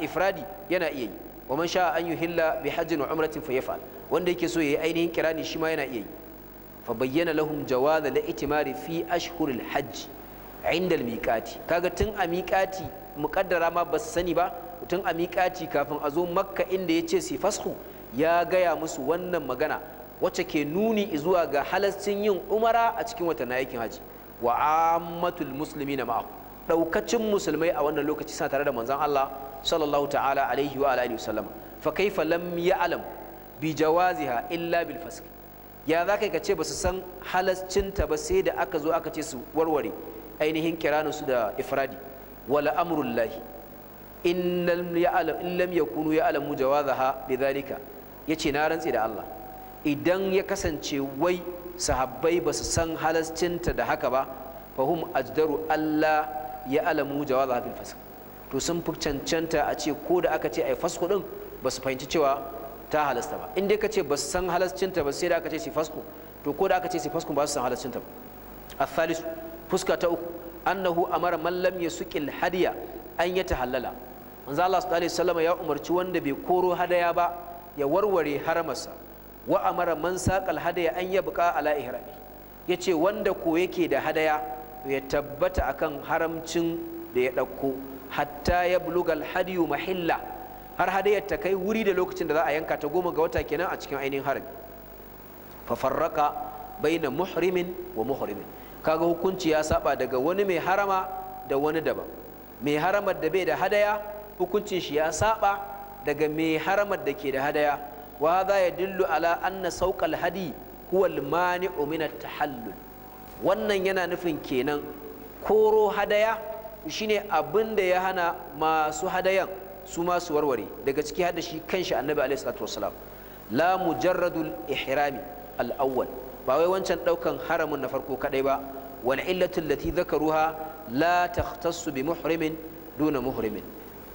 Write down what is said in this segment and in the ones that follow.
ifradi yana iya yi wa man sha an yuhilla bi hajjin wa umratin fa yaf'al wanda yake so yayi ainihin kirani shi ma yana iya yi fa bayyana lahum jawaza da itimari fi ashhuril hajj inda miqati kaga tun a miqati muqaddara ma basu sani ba tun a miqati kafin a zo makka inda yace si fashu ya gaya musu wannan magana wacce ke nuni zuwa ga halascin yin umara a cikin watan aikin haji wa ammatul muslimina ma'ahu daukacin musulmai a wannan lokaci suna tare da manzon Allah sallallahu ta'ala alaihi wa alihi wasallama fa kaifa lam ya'lam bi jawaziha illa bil fasq ya za ka ce ba su san halascinta ba sai da aka zo aka ce su warware ainihin su da ifradi wala amrullahi in lam yakunu ya'lamu jawazaha bidhalika yace na rantse da Allah idan ya kasance wai sahabbai ba su san halascinta da haka ba fahum ajdaru Allah ya alamu jawaza hadil fasl to sun fi cancanta a ce ko da aka ce ai fasko din ba su fahimci cewa ta halasta ba in dai ka ce ba su san halascinta ba sai da aka ce shi fasko to ko da aka ce shi fasko ba su san halascinta ba الثالث fuska ta uku annahu amara man lam yasuqil hadiya an ya tahallala manzo Allah sallallahu alaihi wasallam ya umarci wanda bai koro hadaya ba ya warware haramarsa wa amara man saqal hadaya an yabqa ala ihrami yace wanda ko yake da hadaya ya tabbata akan haramcin da ya ɗauko hatta ya bulugal hadiyu mahilla har hadayar ta kai wuri da lokacin da za a yanka ta goma ga wata kenan a cikin ainihin harami fafarraka baina muhrimin wa muhrimin kaga hukunci ya saba daga wani mai harama da wani daban mai haramar da bai da hadaya hukuncin shi ya saba daga mai haramar da ke da hadaya wa za ya dillu ala anna sauƙal hadi huwa al mani'u min at-tahallul wannan yana nufin kenan koro hadaya shine abin da ya hana masu hadayan su ma su warware daga ciki hada shi kanshi annabi alaihi salatu wasalam la mujarradul ihrami al-awwal ba wai wancan daukan haramun na farko kadai ba wal illatu allati dhakaruha la takhtassu bi muhrimin duna muhrimin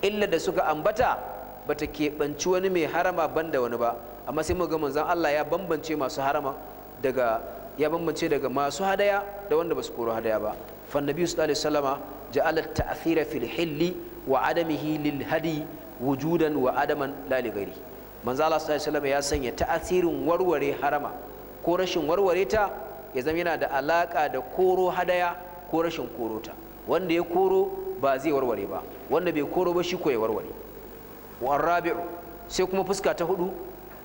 illa da suka ambata bata keɓanci wani mai harama banda wani ba amma sai mu ga manzon Allah ya bambance masu harama daga ya bambance daga masu hadaya da wanda ba su koro hadaya ba fa nabi sallallahu alaihi wasallama ja'ala ta'thira fil hilli wa adamihi lil hadi wujudan wa adaman la li ghairi manzo Allah sallallahu alaihi ya sanya ta'asirin warware harama ko rashin warware ta ya zama yana da alaka da koro hadaya ko rashin koro ta wanda ya koro ba zai warware ba wanda bai koro ba shi ko ya warware wa rabi'u sai kuma fuska ta hudu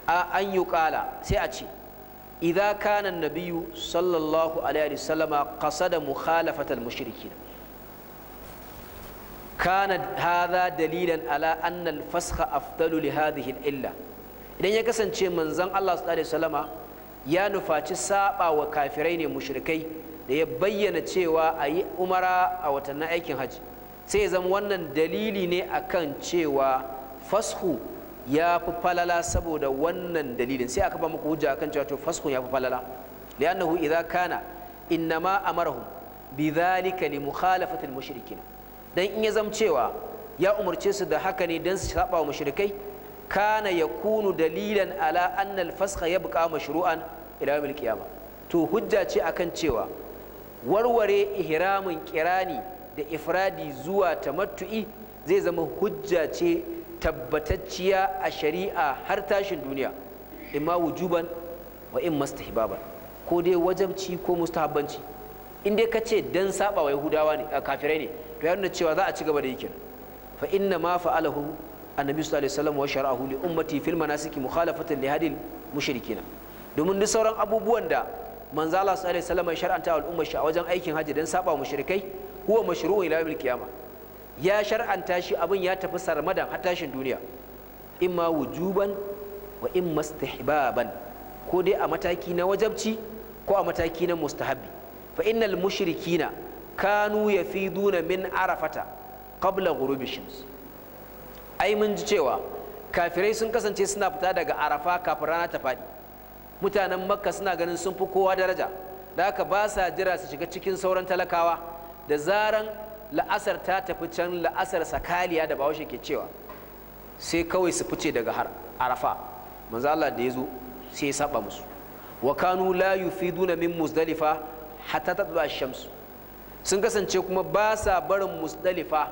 an yuqala sai a ce idza kana an-nabiyyu sallallahu alaihi wasallama qasada mukhalafata al-mushrikin kana hadha dalilan ala anna al-fasakha afdalu li hadhihi al-illa idan ya kasance manzon Allah sallallahu alaihi wasallama ya nufaci saba wa kafirai ne mushrikai da ya bayyana cewa a yi umara a watannin aikin hajji sai ya zama wannan dalili ne akan cewa fashu ya fi falala saboda wannan dalilin sai aka ba muku hujja akan cewa to faskun ya fi falala li'annahu idza kana innama amarahum bidhalika li mukhalafati al-mushrikin dan in ya zam cewa ya umarce su da haka ne dan su saba wa mushrikai kana yakunu dalilan ala anna al-fasqa yabqa mashru'an ila yawm al-qiyamah to hujja ce akan cewa warware ihramin kirani da ifradi zuwa tamattu'i zai zama hujja ce tabbatacciya a shari'a har tashin duniya imma wujuban wa in mustahbaban ko dai wajabci ko mustahabbanci in dai ka ce dan saba wa yahudawa ne kafirai ne to ya nuna cewa za a ci gaba da yake fa inna ma fa'alahu annabi sallallahu alaihi wasallam wa shar'ahu li ummati fil manasiki mukhalafatan li hadil mushrikin domin duk sauran abubuwan da manzo sallallahu alaihi wasallam ya shar'anta al'ummar shi a wajen aikin haji dan saba mushrikai huwa mashru'un ila yawmil qiyamah ya shar'anta shi abin ya tafi sarmadan har tashin duniya imma wujuban wa in istihbaban ko dai a mataki na wajabci ko a mataki na mustahabbi fa innal mushrikina kanu yafiduna min arafata kabla ghurubi shams ai mun ji cewa kafirai sun kasance suna fita daga arafa kafin rana ta faɗi mutanen makka suna ganin sun fi kowa daraja da haka ba sa jira su shiga cikin sauran talakawa da zaran la'asar ta tafi can la'asar sakaliya da bahaushe ke cewa sai kawai su fice daga arafa manzo Allah da ya zo sai ya saba musu wa kanu la yufiduna min muzdalifa hatta tatlu ash-shams sun kasance kuma ba sa barin muzdalifa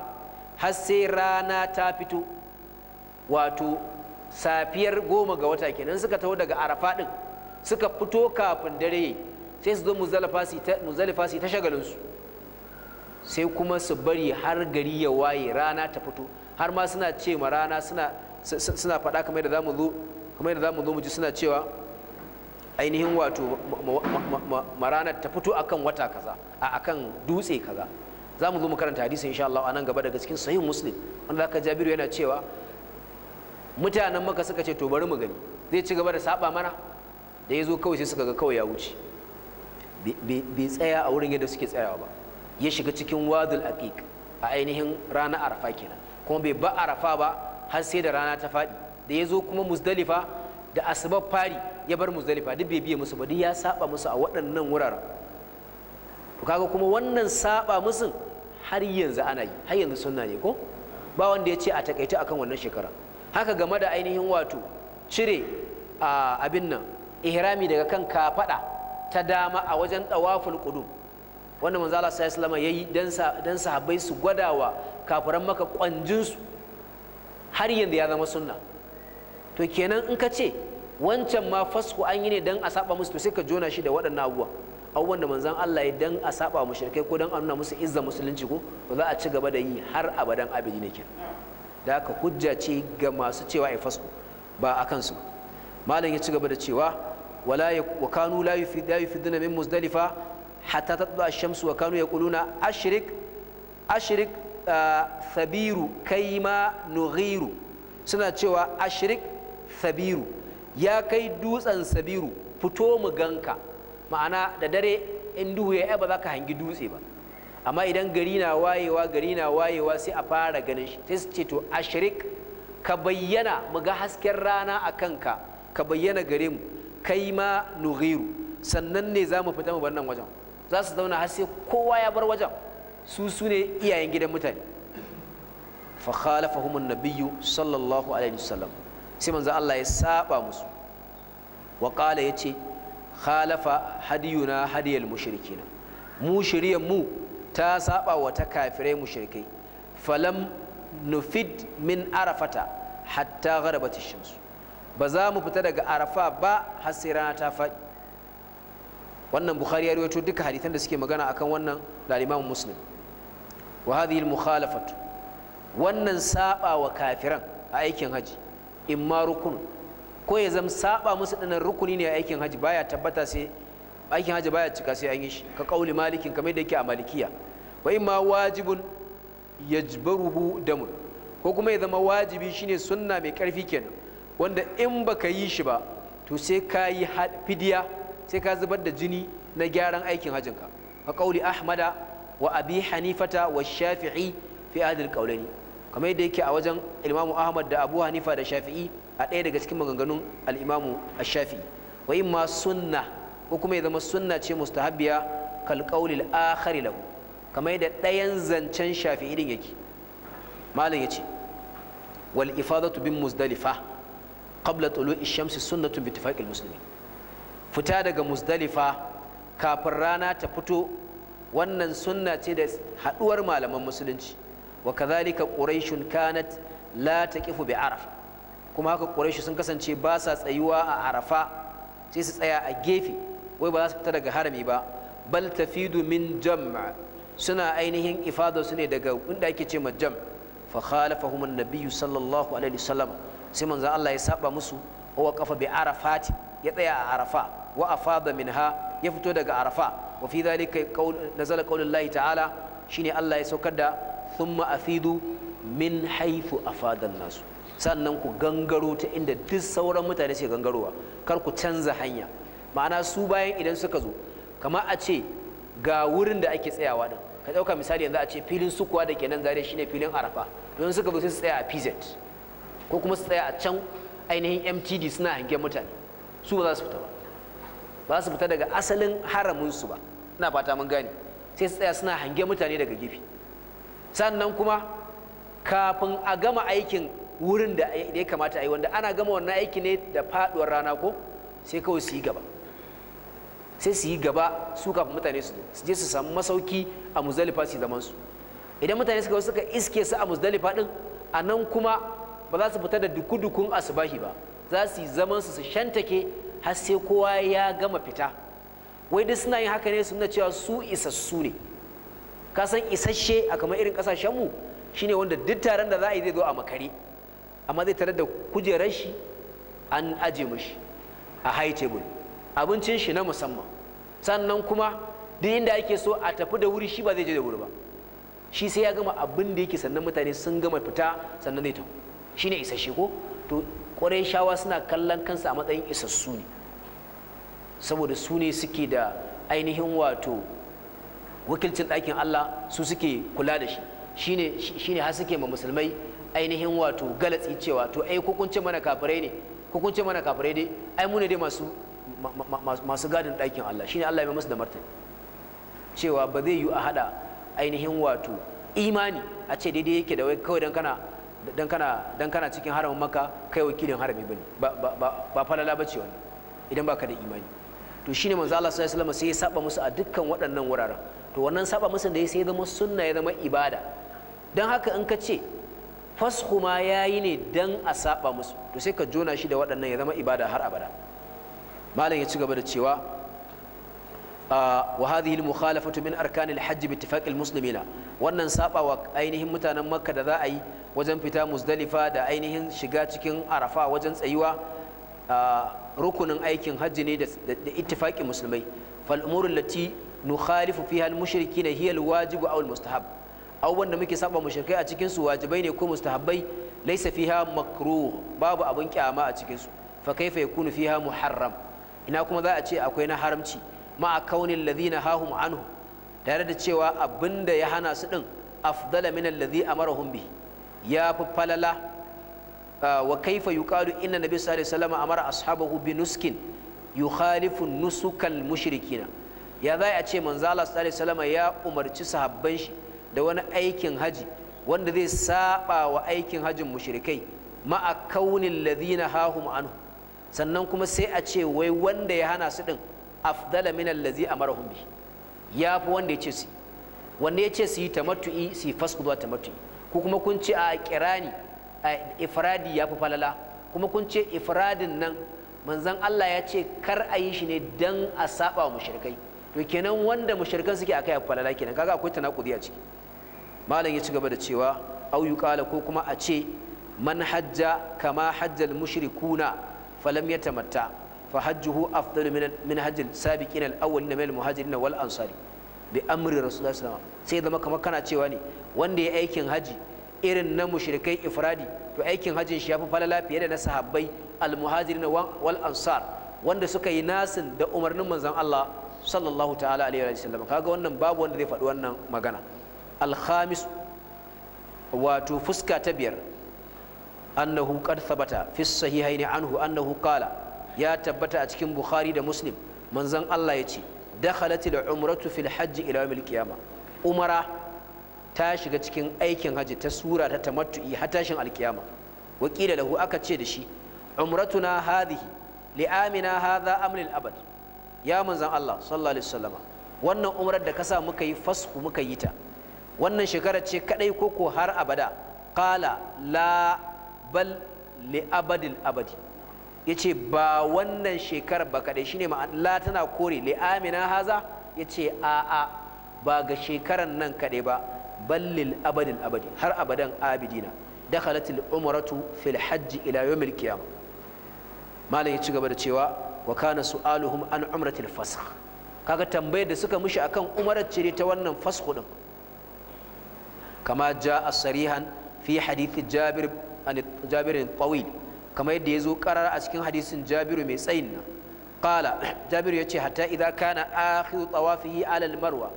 har sai rana ta fito wato safiyar goma ga wata kenan suka taho daga arafa din suka fito kafin dare sai su zo muzdalifa su ta shagalin su sai kuma su bari har gari ya waye rana ta fito har ma suna ce ma rana suna faɗa kamar yadda za zo yadda zo mu ji suna cewa ainihin wato ma rana ta fito akan wata kaza a akan dutse kaza za mu zo mu karanta hadisi insha Allah a nan gaba daga cikin sahih muslim wanda zaka jabiru yana cewa mutanen maka suka ce to bari mu gani zai ci gaba da saba mana da ya zo kawai sai suka ga kawai ya wuce bai tsaya a wurin yadda suke tsayawa ba ya shiga cikin wadul aqiq a ainihin rana arafa kenan kuma bai ba arafa ba har sai da rana ta faɗi da ya zo kuma muzdalifa da asubar fari ya bar muzdalifa duk bai biye musu ba duk ya saba musu a waɗannan wuraren to kaga kuma wannan saba musu har yanzu ana yi har yanzu sunna ne ko ba wanda ya ce a takaita akan wannan shekara haka game da ainihin wato cire ah, abin nan ihrami daga kan kafada ta dama a wajen tawaful qudum wanda manzo Allah sallallahu alaihi wasallam yayi dan sahabbai su gwadawa kafiran maka kwanjin su har yanzu ya zama sunna to kenan in ka ce wancan ma fasku an yi ne dan a saba musu to sai ka jona shi da waɗannan abubuwa abubuwan da manzon Allah ya dan a saba mushrikai ko dan a nuna musu izza musulunci ko to za a ci gaba da yi har abadan abidi ne kenan da haka hujja ce ga masu cewa ai fasku ba a kansu malam ya ci gaba da cewa wala wa kanu la yufiduna min muzdalifa hatta tatlu ash-shamsu wa kanu yaquluna ashrik ashrik uh, thabiru kaima nughiru suna cewa ashrik Sabiru ya kai dutsen sabiru fito mu ganka ma'ana da dare in duhu ya ba za ka hangi dutse ba amma idan gari na wayewa gari na wayewa sai a fara ganin shi sai to ashrik ka bayyana mu ga hasken rana a kanka ka bayyana gare mu kai ma nughiru sannan ne za mu fita mu bar wajen za su zauna har sai kowa ya bar wajen su su ne iyayen gidan mutane fa khalafahum an sallallahu alaihi wasallam sai manzo Allah ya saba musu wa yace khalafa hadiyuna hadiyal mushrikina mu shiriyan mu ta saba wa ta kafirai mushrikai falam nufid min arafata hatta gharabat ash-shams ba za mu fita daga arafa ba har sai rana ta faɗi wannan bukhari ya rawaito duka hadithan da suke magana akan wannan da imam muslim wa hadhihi al wannan saba wa kafiran a aikin haji ma rukun ko ya zama saba musu dinan rukuni ne a aikin haji baya tabbata sai aikin haji baya cika sai an yi shi ka kauli malikin kamar da yake a malikiya wa imma wajibun yajbaruhu damu ko kuma ya zama wajibi shine sunna mai karfi kenan wanda in baka yi shi ba to sai ka yi fidiya sai ka zubar da jini na gyaran aikin hajjinka ka kauli ahmada wa abi hanifata wa shafi'i fi adil kaulani kamar yadda yake a wajen imamu ahmad da abu hanifa da shafi'i a ɗaya daga cikin maganganun al'imamu shafi'i wa imma sunna ko kuma ya zama sunna ce mustahabbiya kal kauli akhari lahu kamar yadda ɗayan zancen shafi'i din yake malam yace wal ifadatu bin muzdalifa qabla tulu'i shamsi sunnatun bi ittifaqil muslimin fita daga musdalifa kafin rana ta fito wannan sunna ce da haɗuwar malaman musulunci wa kazalika quraishun kanat la taqifu bi arafa kuma haka quraishu sun kasance ba sa tsayuwa a arafa sai su tsaya a gefe wai ba za su fita daga harami ba bal tafidu min jam' suna ainihin ifada su ne daga inda ake ce ma jam' fa khalafahum an-nabiyyu sallallahu alaihi wasallam sai manzo Allah ya saba musu wa kafa bi arafati ya tsaya a arafa wa afada minha ya fito daga arafa wa fi zalika qaul nazala qaulullahi ta'ala shine Allah ya saukar da thumma afidu min haythu afada nasu sannan ku gangaro ta inda duk sauran mutane suke gangarowa kar ku canza hanya ma'ana su bayan idan suka zo kama a ce ga wurin da ake tsayawa din ka ɗauka misali yanzu a ce filin sukuwa da ke nan zare shine filin arafa don suka zo su tsaya a pz ko kuma su tsaya a can ainihin mtd suna hange mutane su ba za su fita ba ba su fita daga asalin haraminsu ba ina fata mun gane sai su tsaya suna hange mutane daga gefe sannan kuma kafin a gama aikin wurin da ya kamata a yi wanda ana gama wannan aiki ne da faduwar rana ko sai kawai su yi gaba sai su yi gaba su kafin mutane su su je su samu masauki a muzdalifa su zaman su idan mutane suka suka iske su a muzdalifa din a nan kuma ba za su fita da duku-dukun asubahi ba za su yi zaman su shantake har sai kowa ya gama fita wai duk suna yin haka ne suna cewa su isassu ne ka san isasshe a kamar irin kasashen mu shine wanda duk taron da za a yi zai zo a makare amma zai tarar da kujerar shi an aje mishi a high table abincin shi na musamman sannan kuma duk inda ake so a tafi da wuri shi ba zai je da wuri ba shi sai ya gama abin da yake sannan mutane sun gama fita sannan zai tafi shine isasshe ko to ƙwarai shawa suna kallon kansu a matsayin isassu ne saboda su ne suke da ainihin wato wakilcin ɗakin Allah su suke kula da shi shine ne har suke ma musulmai ainihin wato galatsi cewa to ai ko mana kafirai ne ko mana kafirai dai ai mu ne dai masu masu gadin ɗakin Allah shine Allah ya mai musu da martani cewa ba zai yi a hada ainihin wato imani a ce daidai yake da wai kawai don kana dan kana cikin haramin maka kai wakilin harami bane ba ba ba falala bace wani idan baka da imani to shine manzo Allah sallallahu alaihi wasallam sai ya saba musu a dukkan waɗannan wuraren to wannan saba musu da ya sai zama sunna ya zama ibada dan haka in ka ce fashu ma yayi ne dan a saba musu to sai ka jona shi da waɗannan ya zama ibada har abada malam ya ci gaba da cewa wa hadhihi al-mukhalafatu Hajji arkanil hajj bi ittifaqil muslimina wannan sabawa ainihin mutanen makka da za a yi wajen fita muzdalifa da ainihin shiga cikin arafa wajen tsayuwa rukunin aikin hajji ne da ittifaqi musulmai fal umuru allati nukhalifu fiha al-mushrikina hiya al-wajibu aw al-mustahab abubuwan da muke saba mushrikai a cikin su wajibai ne ko mustahabbai laysa fiha makruh babu abin kyama a cikin su fa kaifa yakunu fiha muharram ina kuma za a ce akwai na haramci ma kaunin Ladina hahum anhu tare da cewa abinda ya hana su din afdala min alladhi amarahum bi ya fi falala wa kaifa yuqalu inna nabi sallallahu alaihi wasallam amara ashabahu bi nuskin yukhalifu nusukal mushrikina ya za a ce manzo Allah sallallahu alaihi wasallam ya umarci sahabban shi da wani aikin haji wanda zai saba wa aikin hajin mushrikai ma'a kaunin ladhina hahum anhu sannan kuma sai a ce wai wanda ya hana su din afdala min allazi amarahum bi ya fi wanda yace su wanda yace su yi tamattu'i su yi fasku zuwa tamattu'i ko kuma kun ce a kirani a ifradi ya fi falala kuma kun ce ifradin nan manzon Allah ya ce kar a yi shi ne dan a saba wa mushrikai to kenan wanda mushrikan suke akai a falala kenan kaga akwai tanakudi a ciki malam ya ci gaba da cewa au yuqala ko kuma a ce man hajja kama hajjal mushrikuna falam yatamatta فحجه أفضل من من حج السابقين الأولين من المهاجرين والأنصار بأمر رسول الله صلى الله عليه وسلم سيدنا ما كما كان cewa ne wanda ya aikin haji irin na mushrikai ifradi to aikin hajin shi yafi falala fiye da na sahabbai almuhajirin wal ansar wanda suka yi nasin da umarnin manzon Allah sallallahu ta'ala alaihi wa sallam kaga wannan babu wanda zai faɗi wannan magana al-khamis wato fuska ta biyar annahu qad thabata fi sahihaini anhu annahu qala ya tabbata a cikin bukhari da muslim manzon allah ya ce dakhalatil umratu fil hajj ila yawmil qiyama umara ta shiga cikin aikin hajji ta sura ta tamattu'i har tashin alkiyama wa qila lahu aka ce da shi umratuna hadhihi li'amina hadha amlil abad ya manzon allah sallallahu alaihi wasallama wannan umrar da kasa muka yi fasku muka yi ta wannan shekarar ce kadai koko har abada qala la bal li abadil abadi yace ba wannan shekarar ba kaɗai shine ma'ana tana kore li amina haza yace ce a'a ba ga shekarar nan kaɗai ba ballil abadin abadi har abadan abidina dakhalatil umaratu fil hajji ila yawmil malam ya ci gaba da cewa wa kana su'aluhum an umratil fasakh kaga tambayar da suka mushi akan umarar cire ta wannan fasakh din kama ja a sarihan fi hadith jabir an jabir tawil kamar yadda ya zo karar a cikin hadisin jabiru mai tsayin nan jabiru ya ce hatta idan kana akhiru tawafihi alal marwa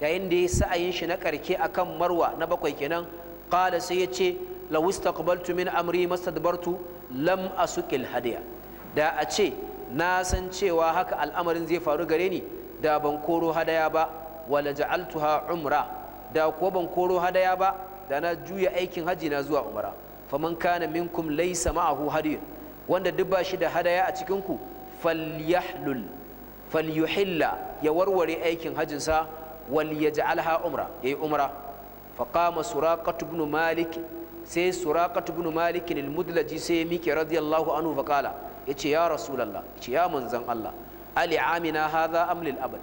yayin da ya sa'ayin shi na karke akan marwa na bakwai kenan kala sai ya ce law istaqbaltu min amri mastadbartu lam asuqil hadiya da a ce na san cewa haka al'amarin zai faru gare ni da ban koro hadaya ba wala ja'altuha umra da ko ban koro hadaya ba da na juya aikin haji na zuwa umra faman kana minkum laysa ma'ahu hadiyun wanda duk ba shi da hadaya a cikin ku falyahlul falyuhilla ya warware aikin hajin sa wal yaj'alha umra yayi umra faqama suraqatu ibn malik sai suraqatu ibn malik al-mudlaji sai miki radiyallahu anhu faqala yace ya rasulullah yace ya manzon Allah ali amina hadha am lil abad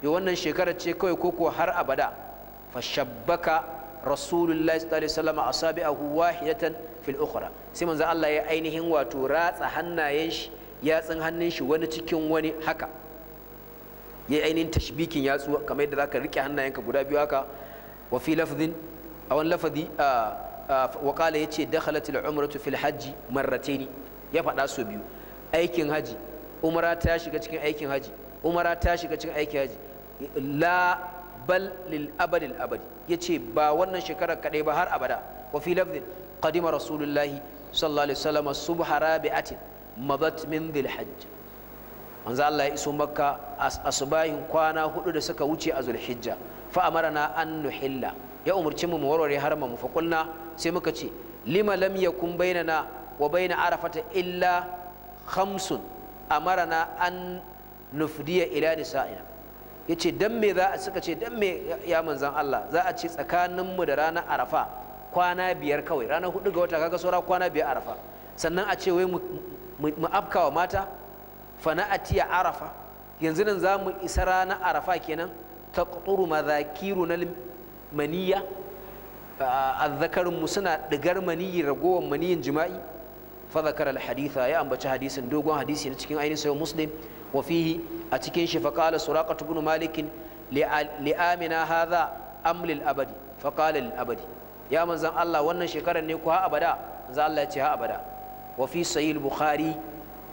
yo wannan shekarar ce kawai ko har abada fashabbaka rasulullahi sallallahu alaihi wasallam asabi'ahu wahidatan fil ukhra sai manzo Allah ya ainihin wato ratsa hannayen shi yatsun hannun shi wani cikin wani haka ya ainihin tashbikin yatsu kamar yadda zaka rike hannayenka guda biyu haka wa fi lafdhin aw lafzi wa qala yace dakhalatil umratu fil hajji marrataini ya faɗa so biyu aikin haji umara ta shiga cikin aikin haji umara ta shiga cikin aikin haji la bal lil abadil abadi yace ba wannan shekarar kadai ba har abada wa fi lafdhin qadima rasulullahi sallallahu alaihi wasallam subha rabi'atin mabat min dhil ya iso makka asubahin kwana hudu da suka wuce a zulhijja fa amarna an nuhilla ya umarci mu mu warware harma mu fa sai muka ce lima lam kun bainana wa baina arafata illa khamsun amarna an nufdiya ila nisa'ina ya ce don me za a suka ce don me ya manzan Allah za a ce tsakaninmu da ranar arafa kwana biyar kawai ranar hudu ga wata kaga saura kwana biyar arafa sannan a ce wai mu wa mata fana'atiya arafa yanzu nan za mu isa ranar arafa kenan ta ƙuturu mazakiru na maniya azzakarinmu suna ɗigar maniyi ragowar maniyin jima'i fa zakar alhaditha ya ambaci hadisin dogon hadisi na cikin ainihin sayo muslim wa fihi a cikin shi fa qala suraqatu ibn malik li amina hadha am lil abadi fa qala lil abadi ya manzan Allah wannan shekarar ne ku ha abada manzan Allah ya ce ha abada wa fi sahih bukhari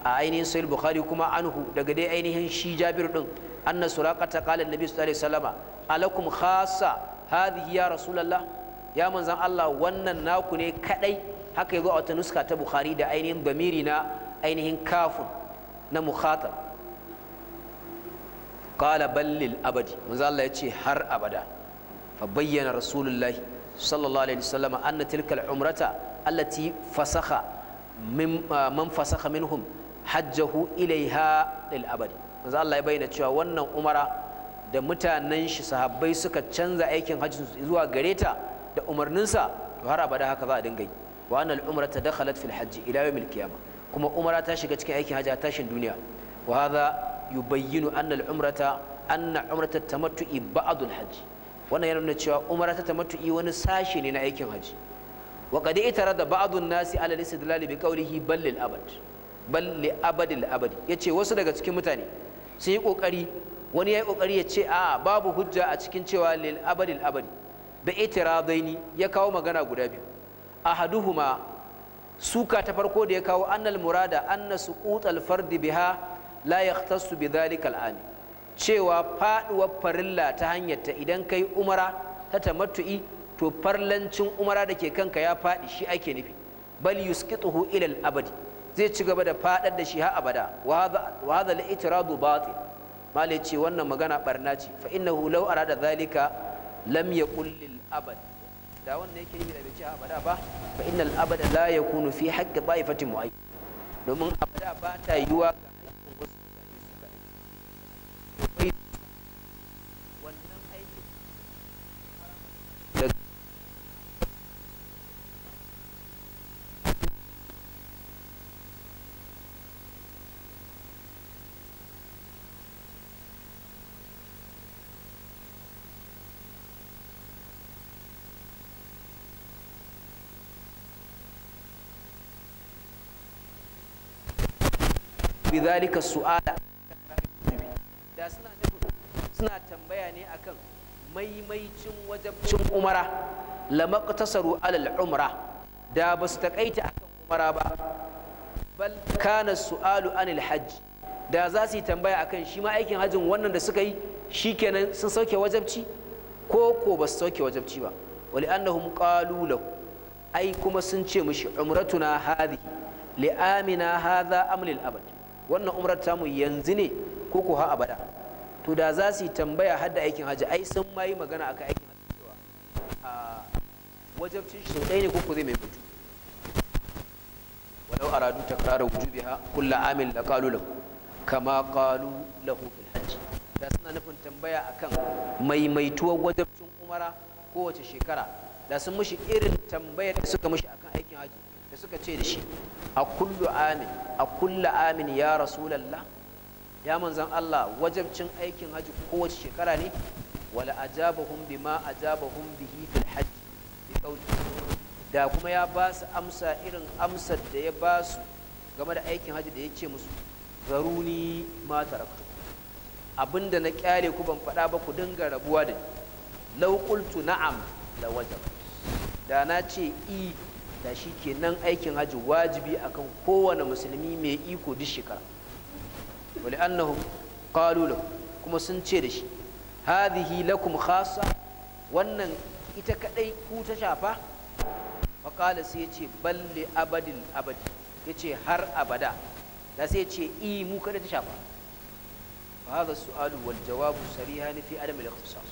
a ainihin sahih bukhari kuma anhu daga dai ainihin shi jabir din anna Nabi qala annabi sallallahu alaihi wasallama alakum khassa hadhihi ya rasulullah ya manzan Allah wannan naku ne kadai haka yazo a wata nuska ta bukhari da ainihin bamiri na ainihin kafun na mukhatab qala ballil abadi manzo Allah yace har abada fa bayyana rasulullahi sallallahu alaihi wasallam anna tilka umrata allati fasakha min ah, man fasakha minhum hajjahu ilaiha lil abadi manzo Allah ya bayyana cewa wannan umara da mutanen shi sahabbai suka canza aikin hajji zuwa gareta da umarninsa to har abada haka za a dinga yi wa annal umrata dakhalat fil hajji ila yawmil qiyamah kuma umara ta shiga cikin aikin hajji a tashin duniya wa hadha yubayyinu annal umrata anna umrata tamattu'i ba'dul hajji wannan yana nuna cewa umarata ta tamattu'i wani sashi ne na aikin haji wa qad itara ba'dun nasi ala istidlal bi qawlihi bal lil abad bal li abadil abadi yace wasu daga cikin mutane sun yi kokari wani ya yi kokari ya ce a babu hujja a cikin cewa lil abadil abadi da itiradaini ya kawo magana guda biyu ahaduhuma suka ta farko da ya kawo annal murada anna suqut al fard biha la yahtassu bi dhalika al'ami cewa faduwar farilla ta hanyar ta idan kai umara ta tamattu'i to farlancin umara da ke kanka ya fadi shi ake nufi bal yusqituhu ila al-abadi zai ci gaba da fadar da shi har abada wa hadha al-i'tiradu batil malai ce wannan magana barna ce fa innahu law arada dhalika lam yaqul lil abad da wannan yake nufi da bai ce abada ba fa innal abada la yakunu fi haqqi ba'ifatin mu'ayyan domin abada ba ta yiwa ga bi zalika su'ala da suna suna tambaya ne akan maimaicin wajabcin umara lamaqtasaru alal umra da basu takaita akan umara ba bal kana su'alu anil hajj da za su yi tambaya akan shi ma aikin hajjin wannan da suka yi shikenan sun sauke wajabci ko ko ba su sauke wajabci ba wali annahum qalu ai kuma sun ce mishi umratuna hadhi li amina hadha amlil abad wannan umrar tamu yanzu ne ko ko ha abada to da za su yi tambaya har da aikin hajji ai sun ma yi magana akan aikin hajji cewa a wajabcin shi ɗaya ne ko ko zai mai mutu walau aradu takrarar wujubiha kullu amin qalu lahu kama qalu lahu fil hajj da suna nufin tambaya akan maimaituwar wajabcin umara kowace shekara da sun mushi irin tambayar da suka mushi akan aikin hajji da suka ce da shi a kullu amin a kullu amin ya rasulallah ya manzan Allah wajabcin aikin haji kowace shekara ne wala ajabahum bima ajabahum bihi fil hajj bi qawli da kuma ya ba su amsa irin amsar da ya ba su game da aikin haji da ya ce musu zaruni ma taraktu abinda na kyale ku ban faɗa ba ku dinga rabuwa da ni law qultu na'am la wajab da na ce i da shi nan aikin hajji wajibi akan kowane musulmi mai iko duk shekara wali annahu qalu kuma sun ce da shi hadhihi lakum khassa wannan ita kadai ku ta shafa fa qala sai ya ce balli abadil abadi yace har abada da sai ya ce i mu kada ta shafa fa hadha su'alu wal jawabu sarihan fi adam al ikhtisas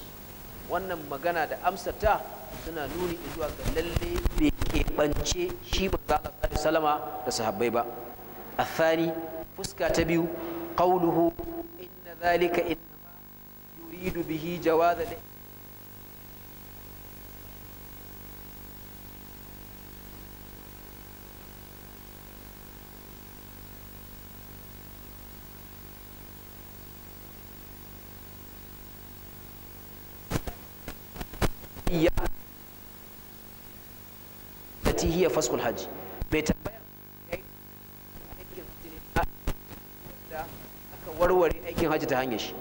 wannan magana da amsata suna nuni zuwa ga lalle bai keɓance shi manzo Allah sallallahu alaihi wasallama da sahabbai ba athani fuska ta biyu qauluhu inna dhalika innama yuridu bihi jawaz Yeah. hiya faskul hajji bai tambaya da aka warware aikin hajji ta hanyar shi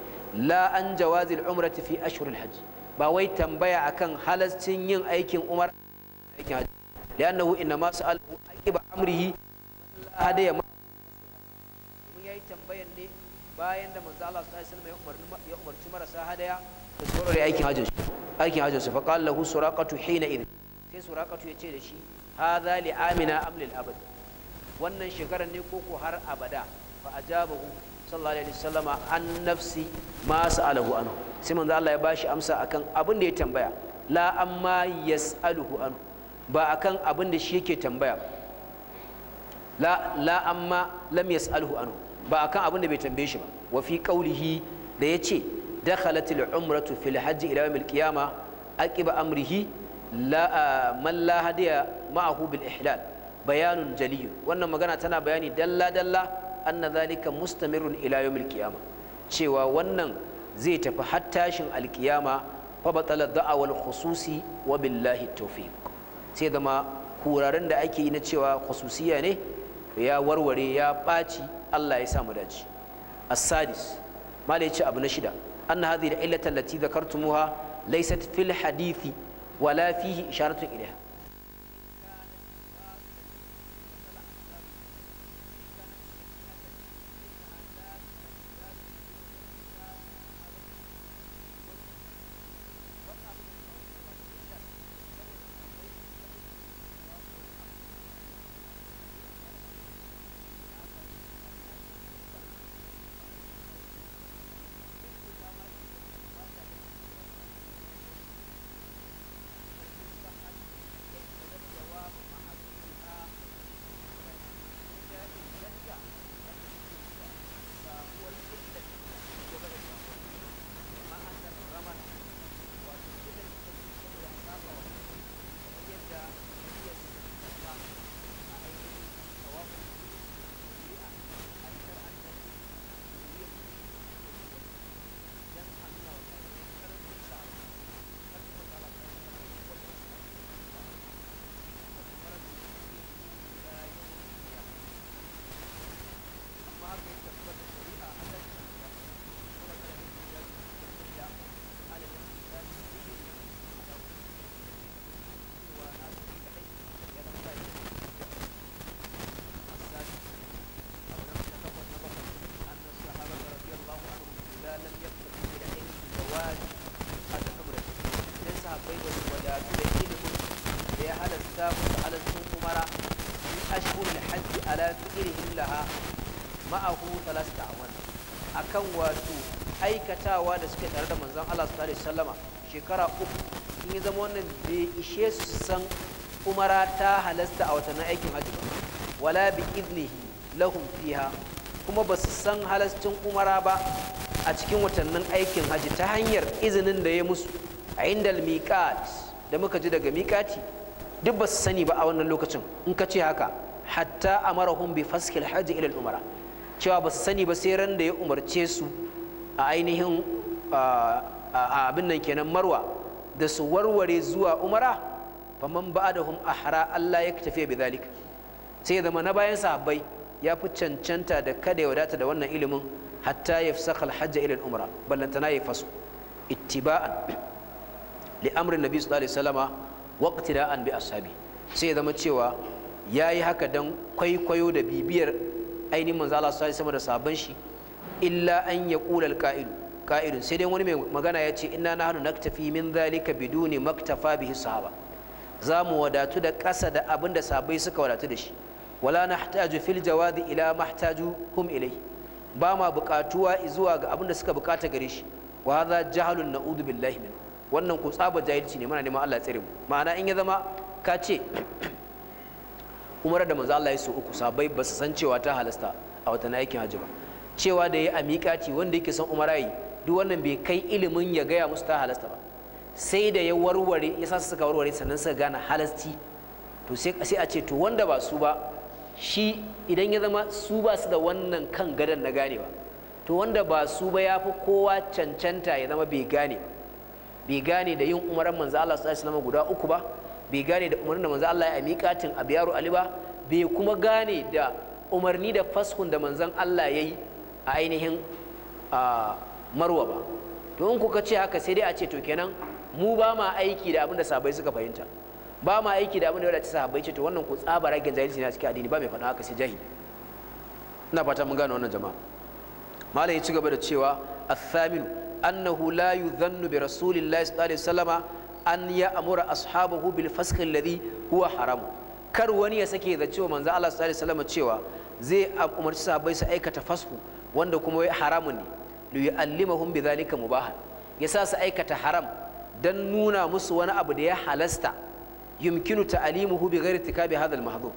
la an jawazil umrati fi ashhuril hajji ba wai tambaya akan halascin yin aikin umar aikin hajji da annahu inna ma sa'alahu aqiba amrihi la hadaya ma mun yayi tambayan ne bayan da manzo Allah sallallahu alaihi wasallam ya umarci marasa hadaya da su warware aikin hajji aikin hajji su fa qala lahu suraqatu hina idh sai suraqatu ya ce da shi hadha li amina am lil wannan shekarar ne koko har abada fa ajabahu sallallahu alaihi wasallam an nafsi ma sa'alahu anhu sai manzo Allah ya bashi amsa akan abin da ya tambaya la amma yas'aluhu anhu ba akan abin da shi yake tambaya la la amma lam yas'aluhu anhu ba akan abin da bai tambaye shi ba wa fi qawlihi da yace dakhalatil umratu fil hajji ila yawmil qiyamah aqiba amrihi man la hadiya ma'ahu bil ihlal bayanun jaliyu wannan magana tana bayani dalla dalla anna zalika mustamirun ila yawmil qiyama cewa wannan zai tafi hattashin alkiyama fa batala da'awal khususi wa billahi tawfiq sai zama kuraren da ake yi na cewa khususiya ne ya warware ya ɓaci Allah ya samu dace as-sadis malai ce abu na shida anna hadhihi al-illata allati dhakartumuha laysat fil hadithi ولا فيه إشارة إليها su da ilimin da ya halasta musu halittun umara fi ashhurul hajji ala fi'lihim laha ma'ahu talasta awan akan wato aikatawa da suke tare da manzon Allah sallallahu alaihi wasallama shekara uku in ya zama wannan bai ishe su san umara ta halasta a watannin aikin hajji ba wala bi iznihi lahum fiha kuma ba su san halastin umara ba a cikin watannin aikin hajji ta hanyar izinin da ya musu a indal miqat da muka ji daga miƙati duk ba su sani ba a wannan lokacin in ka ce haka hatta amarahum bi faskil hajji ila umara cewa ba su sani ba sai ran da ya umarce su a ainihin abin nan kenan marwa da su warware zuwa umara da ba'adahum ahra Allah ya tafiya bi zalik sai zama na bayan sahabbai ya fi cancanta da kada ya wadata da wannan ilimin hatta ya fi hajja ila umara ballantana ya faso ittiba'an li'amrin nabi sallallahu alaihi wasallama waqtira'an bi ashabi sai ya zama cewa yayi haka dan kwaikwayo da bibiyar ainihin manzo Allah sallallahu alaihi da sabon shi illa an yaqula al-qa'il qa'ilun sai dai wani mai magana ya ce inna nahnu naktafi min zalika biduni maktafa bihi sahaba za mu wadatu da ƙasa da abin da sabai suka wadatu da shi wala nahtaju fil jawadi ila mahtaju hum ilai ba ma buƙatuwa zuwa ga abin da suka buƙata gare shi wa hadha jahalun na'udu billahi minhu wannan ko tsaba jahilci ne muna neman Allah ya tsare mu ma'ana in ya zama ka ce umar da manzo Allah ya so uku sabai ba su san cewa ta halasta a watan aikin hajji ba cewa da ya a ce wanda yake son umara yi duk wannan bai kai ilimin ya gaya musu ta halasta ba sai da ya warware ya sa suka warware sannan suka gane halasti to sai a ce to wanda ba su ba shi idan ya zama su ba su da wannan kan gadon na ganewa to wanda ba su ba ya fi kowa cancanta ya zama bai gane ba bai gane da yin umaran manzo Allah sallallahu alaihi guda uku ba bai gane da umarnin da manzo Allah ya miƙatin a biyaru ali ba bai kuma gane da umarni da fashun da manzon Allah ya yi a ainihin marwa ba to in kuka ce haka sai dai a ce to kenan mu ba ma aiki da abin da sahabbai suka fahimta ba ma aiki da abin da wadace sahabbai ce to wannan ku tsaba ragin jahilci na cikin addini ba mai faɗa haka sai jahili ina fata mun gane wannan jama'a malai ya ci gaba da cewa athaminu annahu la yudhannu bi rasulillahi sallallahu alaihi wasallama an ya'mura ashabahu bil fasq alladhi huwa haramu kar wani ya sake da cewa manza Allah sallallahu alaihi wasallama cewa zai umarci sahabbai su aikata fasku wanda kuma wai haramun ne li yu'allimahum bi dhalika ya sa su aikata haram dan nuna musu wani abu da ya halasta yumkinu ta'limuhu bi ghairi tikabi hadha al mahdhub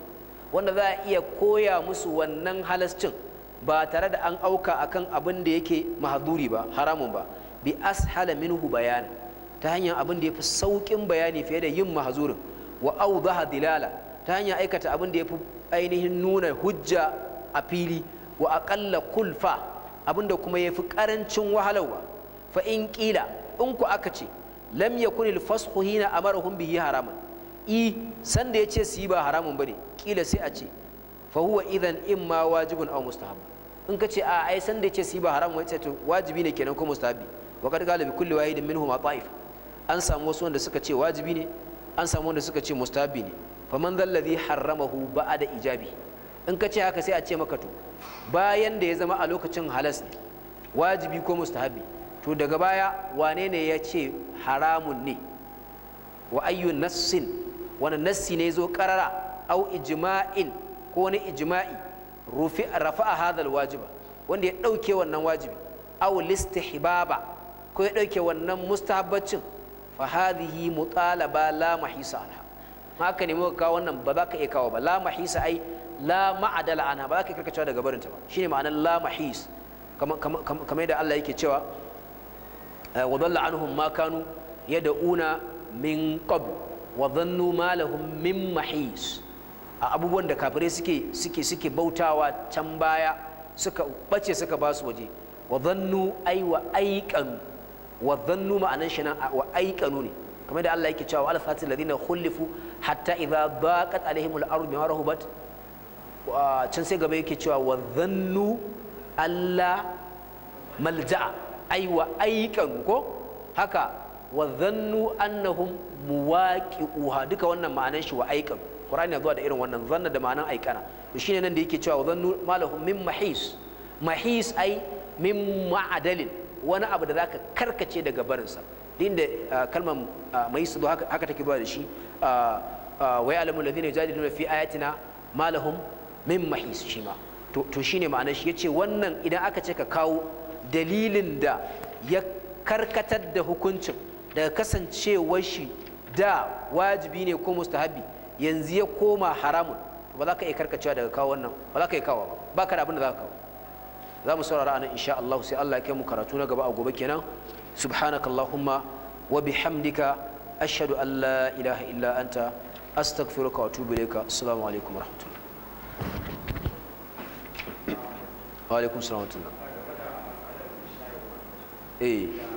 wanda za a iya koya musu wannan halascin ba tare da an auka akan abin da yake mahaduri ba haramun ba bi ashala minhu bayana ta hanyar abin da yafi saukin bayani fiye da yin mahzurin wa awdaha dilala ta hanyar aikata abin da yafi ainihin nuna hujja a fili wa aqalla kulfa abin da kuma yafi karancin wahalarwa fa in qila in ku aka ce lam yakun al fasqu hina amarahum bihi haramun i sanda yace su yi ba haramun bane kila sai a ce fa huwa idan ma wajibun aw mustahab in ka ce a ai san da yace si ba haram wai ce wajibi ne kenan ko mustahabi wa kad galibi kulli wahidin minhum ta'if an samu wasu wanda suka ce wajibi ne an samu wanda suka ce mustahabi ne fa man dhal ladhi harramahu ba'da ijabi in ka ce haka sai a ce maka to bayan da ya zama a lokacin halas ne wajibi ko mustahabi to daga baya wane ne ya ce haramun ne wa ayyu nassin wani nassi ne zo karara au ijma'in ko wani ijma'i rufi a hadal wajiba wanda ya ɗauke wannan wajibi aw hibaba ko ya ɗauke wannan mustahabbacin fa hadhihi mutalaba la mahisa anha haka ne muka kawo wannan ba za ka iya kawo ba la mahisa ai la ma'adala anha ba za ka karkacewa daga barinta ba shine ma'anar la mahis kamar yadda Allah yake cewa eh, wa dalla anhum ma kanu yad'una min qabl wa dhannu ma lahum min mahis a abubuwan da kafirai suke suke suke bautawa can baya suka bace suka basu waje wa zannu ai wa ayqanu wa zannu ma'anan shi nan wa ayqanu ne kamar da Allah yake cewa al-fatil ladina khulifu hatta idza baqat alaihimul ardu bima rahubat can sai gaba yake cewa wa zannu alla malja'a ai wa ko haka wa zannu annahum muwaqi'uha duka wannan ma'anan shi wa aikan qur'ani na zuwa da irin wannan zanna da ma'anan aikana to shine nan da yake cewa wa zannu malahum min mahis mahis ai min ma'adalin wani abu da zaka karkace daga barinsa din da ah, kalmar ah, mai su haka take zuwa da shi ah, wa ya'lamu alladhina yujadiluna fi ayatina malahum min mahis shi ma to shine ma'anar shi yace wannan idan aka ce ka kawo dalilin da ya karkatar da hukuncin daga kasancewar shi da wajibi ne ko mustahabi yanzu ya koma haramun ba za ka iya karkacewa daga kawo wannan ba za ka iya kawo ba ba ka da abin da za ka kawo za mu saurara anan insha Allah sai Allah ya kai mu karatu na gaba a gobe kenan subhanakallahumma wa bihamdika ashhadu an la ilaha illa anta astaghfiruka wa atubu ilayka assalamu alaikum wa rahmatullah wa alaikum assalam wa rahmatullah eh